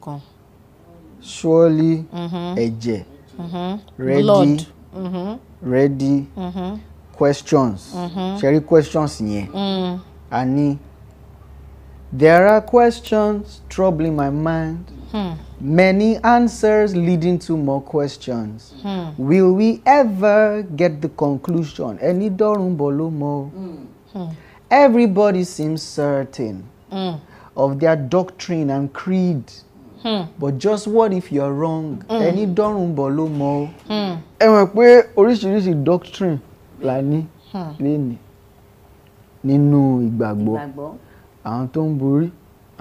kan. surely mm-hmm. ẹ̀jẹ̀ mm-hmm. ready mm-hmm. ready questions ṣẹ́rí questions yẹn mm. a ní there are questions troubling my mind. Hmm. Many answers leading to more questions. Hmm. Will we ever get the conclusion? Ẹni dọ́run bọ̀ ló mọ̀ o. Hmm. Hmm. Everybody seems certain mm. of their doctrine and creed. Hmm. But just what if you are wrong? Hmm. Ẹni dọ́rùn bọ̀ ló mọ o. Hmm. Ẹ mọ̀ pé oríṣiríṣi doctrine la ní hmm. lénìí nínú ìgbàgbọ́. Àwọn tó ń borí,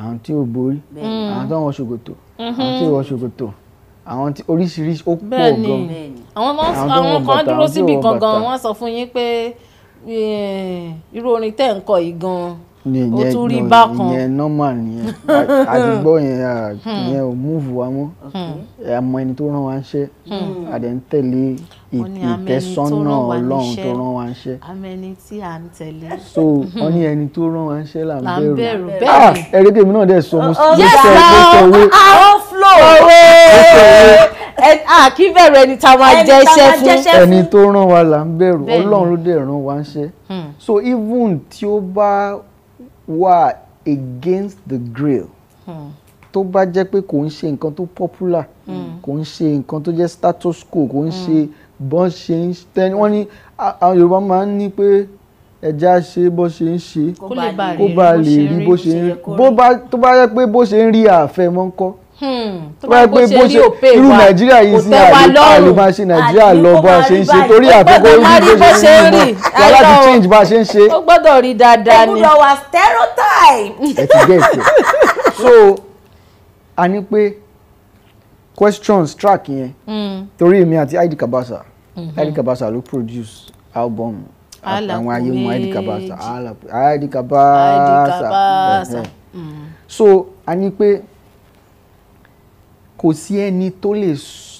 àwọn tí ò borí, àwọn tó ń wọ ṣòkòtò, àwọn tí ò wọ ṣòkòtò àwọn tí oríṣiríṣi ó pọ̀ gan. bẹ́ẹ̀ni àwọn kan dúró síbi gangan wọ́n sọ fún yín pé eh, irú orin tẹ́ ń kọ yìí gan ó tún rí bákan ìyẹn normal nìyẹn àdìgbò yẹn ìyẹn hmm. ò múùfù wa mọ́ àmọ́ hmm. ẹni tó rán wa ń ṣe àdẹ̀ hmm. ń tẹ̀lé ìtẹ̀sọ́nà ọlọ́run tó rán wa ń ṣe. amẹni tí à ń tẹ̀lé. so wọ́n ní ẹni tó rán wa ń ṣe là ń bẹ̀rù ah, ah ẹ̀rí kèmí náà dẹ̀ sọ mo oh, sì sọ oh, mo sọ wé. flow owó kí bẹ̀rù ẹni tá a máa jẹ iṣẹ́ fún. ẹni tó rán wa là ń bẹ̀rù ọlọ́run ló dẹ̀ rán wa ń ṣe so even tí ó bá wà against the grill hmm. tó bá jẹ́ pé kò ń ṣe nǹkan tó popular hmm. kò ń ṣe nǹkan tó jẹ́ status quo kò ń ṣe hmm. bọ́n ṣe ń tẹ́ni wọ́n ní àwọn Yorùbá máa ń ní pé ẹja ṣe bó ṣe ń ṣe kó bá lè rí bó ṣe ń rí bó bá tó bá yẹ pé bó ṣe ń rí àfẹ́ mọ́ Hmm, tó bá gbé bó ṣe irú nàìjíríà yìí sí àlè máa ṣe nàìjíríà lọ bó a ṣe ń ṣe torí àfikún orí bó ṣe ń rí náà wà láti change bá a ṣe ń ṣe. ó gbọ́dọ̀ rí dáadáa ni. ògùdọ̀ wà stereotype. ẹ ti gẹ́ ìpè so a ní pé questions track yẹn hmm. torí èmi àti Id Kabasa mhm. Id Kabasa ló produce album àwọn ayé mu Id Kabasa Id Kabasa hmm. so a ní pé kò sí ẹni tó lè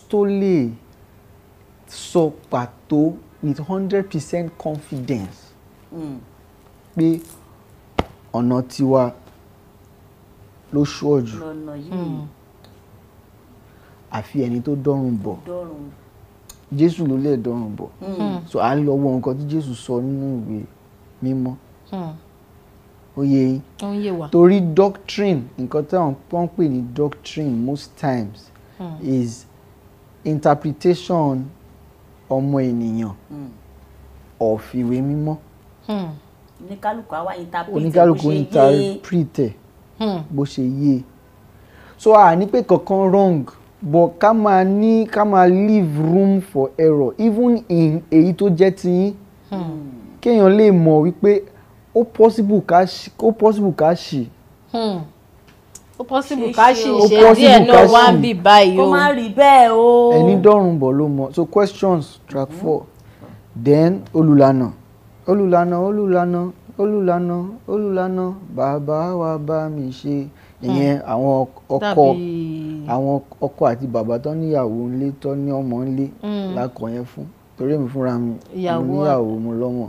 tó lè sọ pàtó with hundred percent confidence hmm. pé ọ̀nà tiwa ló ṣọ́ọ̀jù hmm. àfi ẹni tó dọ́rùn bọ̀ jésù ló lè dọ́rùn bọ̀ hmm. so à ń lọ wọ nǹkan tí jésù sọ nínú ìwé mímọ́. Mm ó yé yín torí doctrine nǹkan táwọn pọ́n pè ní doctrine most times mm. is interpretation ọmọ ènìyàn hmm. of ìwé mímọ́ hmm. oníkálùkù àwa interprete oníkálùkù interprete hmm. bó ṣe yé so a ní pé kankan wrong but ká máa ní ká máa leave room for error even in èyí tó jẹ́ tiyín kéèyàn lè mọ̀ wípé ó possible ká ṣì ó possible ká ṣì. Hmm. ó possible ká ṣì ṣe díẹ̀ náà wá ń bì báyìí o. kó má rí bẹ́ẹ̀ o. ẹni dọ́rùn bọ̀ ló mọ̀ so questions track hmm. four then olùlànà olùlànà olùlànà olùlànà olùlànà bàbá wa bá mi ṣe ìyẹn hmm. àwọn ọkọ àwọn ọkọ àti bàbá tó níyàwó ńlé tó ní ọmọ ńlé lákọ yẹn fún torí èmi fúnra mi mo níyàwó mo lọ́mọ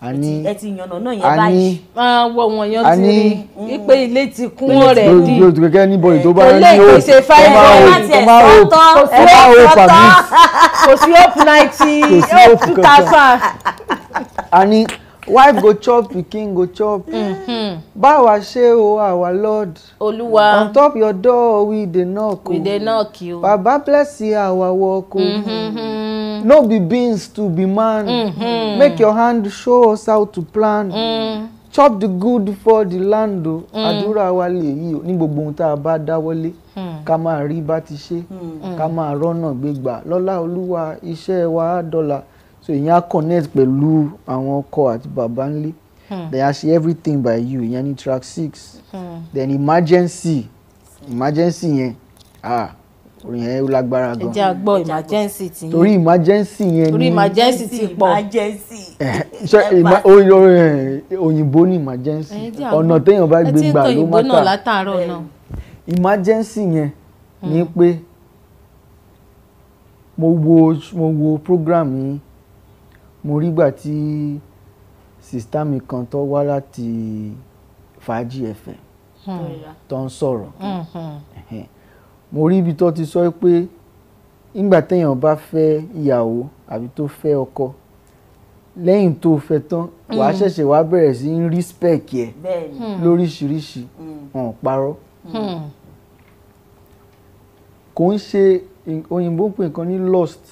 a ní ẹ ti yànnà náà yẹn báyìí. máa wọ wọn yan ti rí i pé ilé ti kún ọ̀rẹ́ di ló ti kẹkẹ níbo ètò bá rí ní o tó máa o tó máa o fàmí. kò sí hope ninety eight two thousand. a ní wife go chop pikin go chop mm-hmm. báwa ṣe o our lord olúwa on top your door we dey knock o we dey knock o baba bless our work o. Mm -hmm. -hmm. no be beans to be man mm -hmm. make your hand show us how to plan mm. chop the good for the land o oh. mm. àdúrà wa lè yí o oh. ní gbogbo ohun tá a bá dáwọ́lé mm. ká máa rí bá ti ṣe mm. ká máa rọ́nà gbégbà lọ́lá olúwa iṣẹ́ wa á so ìyẹn á connect pẹ̀lú àwọn ọkọ àti bàbá ńlé then a ṣe everything by you ìyẹn ní track six then emergency emergency yẹn ah orin yẹn ó lágbára gan. ẹ jẹ́ àgbọ̀ emergency ti yín. torí emergency yẹn ni torí emergency ti pọ̀. Eh, ṣe eh, òyìnbó ni emergency ọ̀nà téèyàn bá gbé gbà ló má ta eh, emergency yẹn ni hmm. pé mo wo mo wo program yìí mo rí gbà tí sista mi kan tó wá láti Fàájì FM hmm. tó ń sọ̀rọ̀. Mm-hmm mo rí ibi tó ti sọ pé nígbà téèyàn bá fẹ́ ìyàwó àbí tó fẹ́ ọkọ lẹ́yìn tó fẹ́ tán wàá mm. ṣẹ̀ṣẹ̀ wàá bẹ̀rẹ̀ sí ń rí spec ẹ̀ hmm. lóríṣiríṣi hàn hmm. parọ́ hmm. kò ń ṣe òyìnbó pè nǹkan ní lust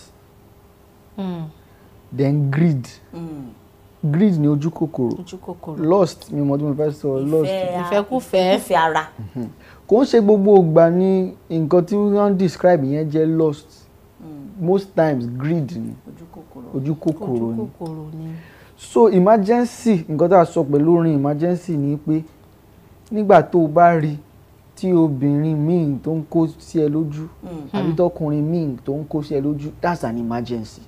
then greed. Mm greed ni ojú kòkòrò lust ni mo tún fẹ́ sọ lust ìfẹ́kùfẹ́ ìfẹ́ ara mhm. kò ń ṣe gbogbo ìgbà ni nǹkan tí wọ́n describe yẹn jẹ́ lust mm. most times greed ni ojú kòkòrò ni so emergency nǹkan tá a sọ pẹ̀lú orin emergency ni pé nígbà tó o bá rí tí obìnrin míì tó ń kó sí ẹ lójú mm. àbí mm. tọkùnrin míì tó ń kó sí ẹ lójú that's an emergency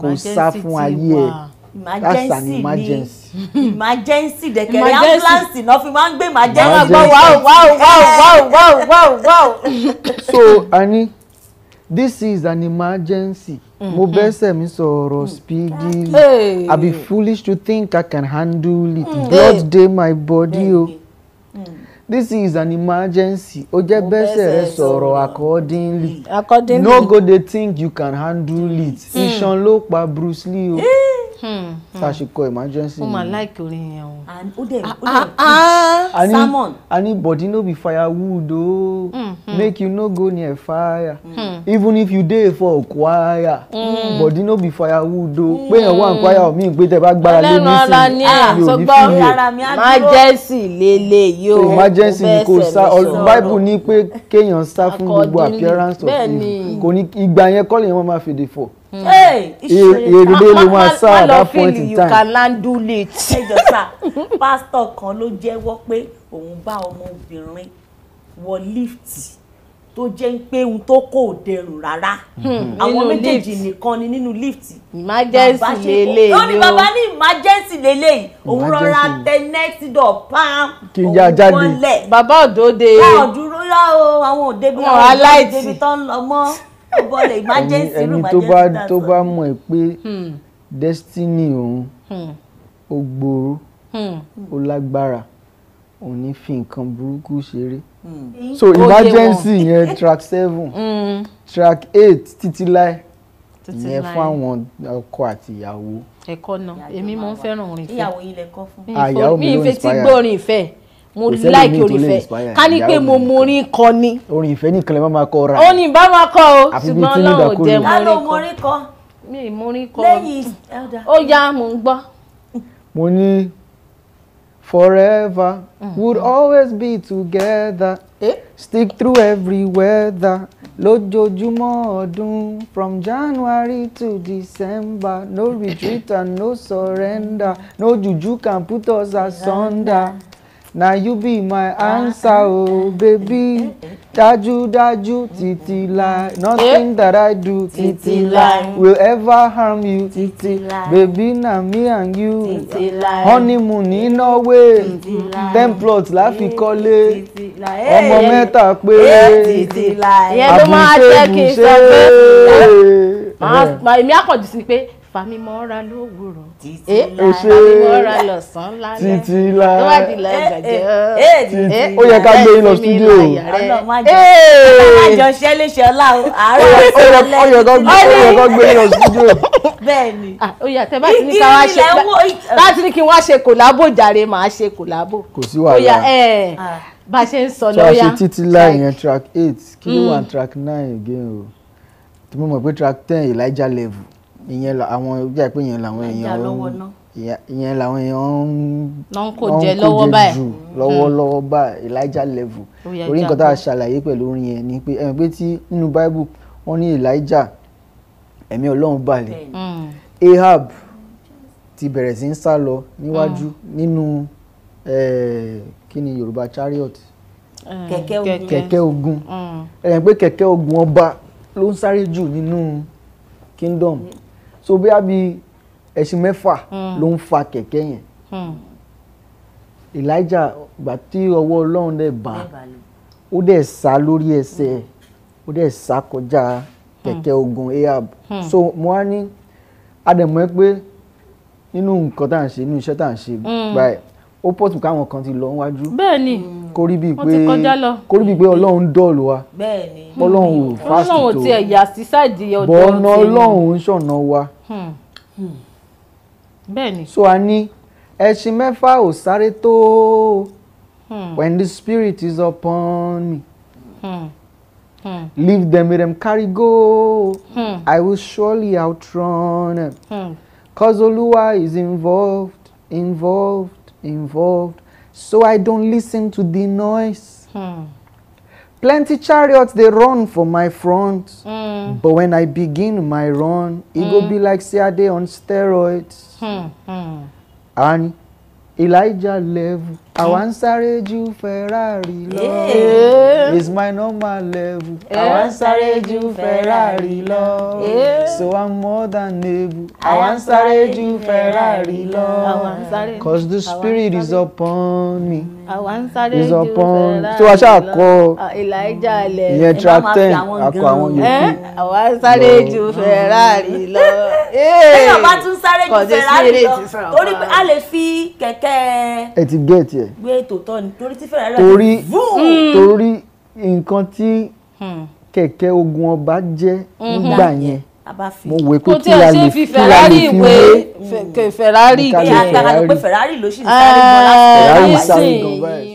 kò sá fún ayé ẹ emergency that's an emergency emergency dẹ̀kẹ̀rẹ̀ ambulance náà fi máa ń gbé emergency gbọ́ wow wow wow wow wow wow wow. so ani this is an emergency mm-hmm. mo bẹ́sẹ̀ mi sọ̀rọ̀ mm. speedily i be foolish to think i can handle it blood mm. dey my body o. Oh mm. this is an emergency o jẹ bẹsẹ rẹ sọ̀rọ̀ accordingly no go dey think you can handle it iṣan ló pa Bruce Lee o. Oh. Eh. Hmm, hmm. tá a ṣe kọ emergency. ó máa láìkí orin yẹn o. ó dẹ̀ ah, ah, ah. ó dẹ̀ salmon. a body no be firewood o hmm, make you no go near fire even if you dey for choir body no be firewood o pé yẹn wà choir mi pé tẹ bá gbára lé nísìnyí yóò ní fi yé. emergency lélẹ̀ yóò emergency ni kò sá bible ni pé kéèyàn sá fún gbogbo appearance of evil kò ní ìgbà yẹn kọ́ lèyàn máa fèdè fọ̀. Hey, ló máa ah, sá ah, at that point in time. you can handle it. ẹjọ sá pásítọ̀ kan ló jẹ́wọ́ pé òun bá ọmọbìnrin wọ lífìtì tó jẹ́ pé ohun tó kò dẹrùn rárá hmm. àwọn méjèèjì nìkan ni nínú lífìtì. emergency lélẹ̀ yìí o lórí bàbá ní emergency lélẹ̀ yìí òun rọra tẹ nẹ́ẹ̀tì dọ̀ pam òun wọlé. bàbá òdòdó. bá òdúró rárá o àwọn òdebi àwọn òdebi tó ń lọ mọ́ ọbọlẹ̀ emergency room emergency room tó bá mọ̀ ẹ́ pé hmm. destiny òun hmm. ó gbòòrò hmm. ó lágbára òun ní fi nǹkan burúkú ṣeré so emergency yẹn track seven track eight títí láì ìyẹn fún àwọn ọkọ àti ìyàwó. ẹ̀kọ́ náà èmi mo ń fẹ́ràn orin ìfẹ́. ìyàwó ilẹ̀ kọ́ fún ah, mi. àyàwó mi ló mi ìfẹ́ tí gbórin ìfẹ́ mo like orin ìfẹ́ ká ní pé mo mo orin kọ ni. orin ìfẹ́ nìkan lè má máa kọ ra. ó ní bá máa kọ o ṣùgbọ́n Ọlọ́run ò jẹ́ mo orin kọ mi ì mo orin kọ ó yá mo ń gbọ́. mo ní forever mm. would always be together stick through every weather lójoojúmọ́ ọdún from January to December no retreat and no surrender no juju can put us asunder na you be my ah, answer o ah, oh, ah, baby dájúdájú eh, eh, eh, títí láì nothing that i do títí láì will ever harm you títí láì baby na me and you títí láì honeymoon ní norway títí láì ten plots láfi kọ́lé ọmọ mẹ́ta péré títí láì àbúṣe bùṣe. màá èmi á kàn jù sí pé famimọ́ra lówùrọ̀ títí eh, láì famimọ́ra lọ́sàn lálẹ́ títí láì tó wà di lọ́gàjẹ́ eh, eh, títí ó yẹ ká gbé yín lọ studio ọlọ́mọjọ ṣẹ́ léṣe ọlá àárọ̀ ọ̀sẹ̀lẹ̀ ó yẹ ká gbé yín lọ studio. bẹ́ẹ̀ni ah, ó yà tẹ bá ti ní ká wá ṣe bá ti ní kí n wá ṣe kòlábò jàre màá ṣe kòlábò kò sí wàhálà ah. bá a ṣe ń sọ lọ́yà. ṣáà ṣe títí láì yẹn track eight kí ló wà hmm. track nine again o tí mo mọ̀ pé track ten Elijah level ìyẹn àwọn ojú àìpé ìyẹn làwọn èèyàn ìyẹn làwọn èèyàn ń kò jẹ lọ́wọ́ lọ́wọ́lọ́wọ́ mm. báyìí Elijah level orí nǹkan tá a ṣàlàyé pẹ̀lú orin yẹn ni pé ẹ̀mí pé tí nínú Bible wọ́n ní Elijah ẹ̀mí Ọlọ́run balẹ̀ mm. Ahab ti bẹ̀rẹ̀ sí ń sá lọ níwájú mm. nínú kí ni Yorùbá chariot kẹ̀kẹ́ ogun ẹ̀yìn pé kẹ̀kẹ́ ogun ọba ló ń sáré jù nínú kingdom so bóyá bi ẹṣin mẹ́fà hmm. ló ń fa kẹ̀kẹ́ yẹn hmm. Elijah gbà tí ọwọ́ Ọlọ́run dẹ̀ bá ó dẹ̀ sá lórí ẹsẹ̀ hmm. ó dẹ̀ sá kọjá kẹ̀kẹ́ ogun Ahab so mo wá ní adẹ̀mọ́ ẹ pé nínú nǹkan tá à ń ṣe nínú iṣẹ́ tá à ń ṣe báyìí ó pọ̀ tù káwọn kan ti lọ wájú. bẹ́ẹ̀ Mm kó rí bíi pé kó rí pé ọlọ́run dọ̀lù wa ọlọ́run ò fásitì tó ọlọ́run ti ẹ̀yà sí ọlọ́run ń ṣọ̀nà wa. Hmm. Hmm. bẹ́ẹ̀ni. so a ní ẹṣin mẹ́fà ò sáré tó hmm. when the spirit is upon me. Leave them, with them carry go. I will surely outrun them. Cause Oluwa is involved, involved, involved so I don't listen to the noise. Hmm. Plenty chariots they run for my front, mm. but when I begin my run, it e mm. go hmm. be like say on steroids. Hmm. Hmm. And Elijah level àwa ń sáré ju ferrari lọ is my normal level àwa ń sáré ju ferrari lọ so i'm more than able àwa ń sáré ju ferrari lọ cause the spirit is upon me is upon tí wàá ṣàkọ ìyẹn track ten àkọ àwọn yòókù. àwa ń sáré ju ferrari lọ. ẹ̀yọ̀ eh. bá tún sáré ju ferrari lọ torí a lè fi kẹ̀kẹ́. ẹ ti gẹ̀ẹ́tì ẹ tiẹ̀. gbé tòótọ́ ni torí tí Ferrari torí hmm, torí nǹkan tí hmm. kẹ̀kẹ́ ogun ọba jẹ́ hmm. nígbà yẹn mo wé pé kí a lè fi Ferrari wé Ferrari yẹn. kí a tàkàtà pé Ferrari ló sì ń sáré eh, gan láti Ferrari sáré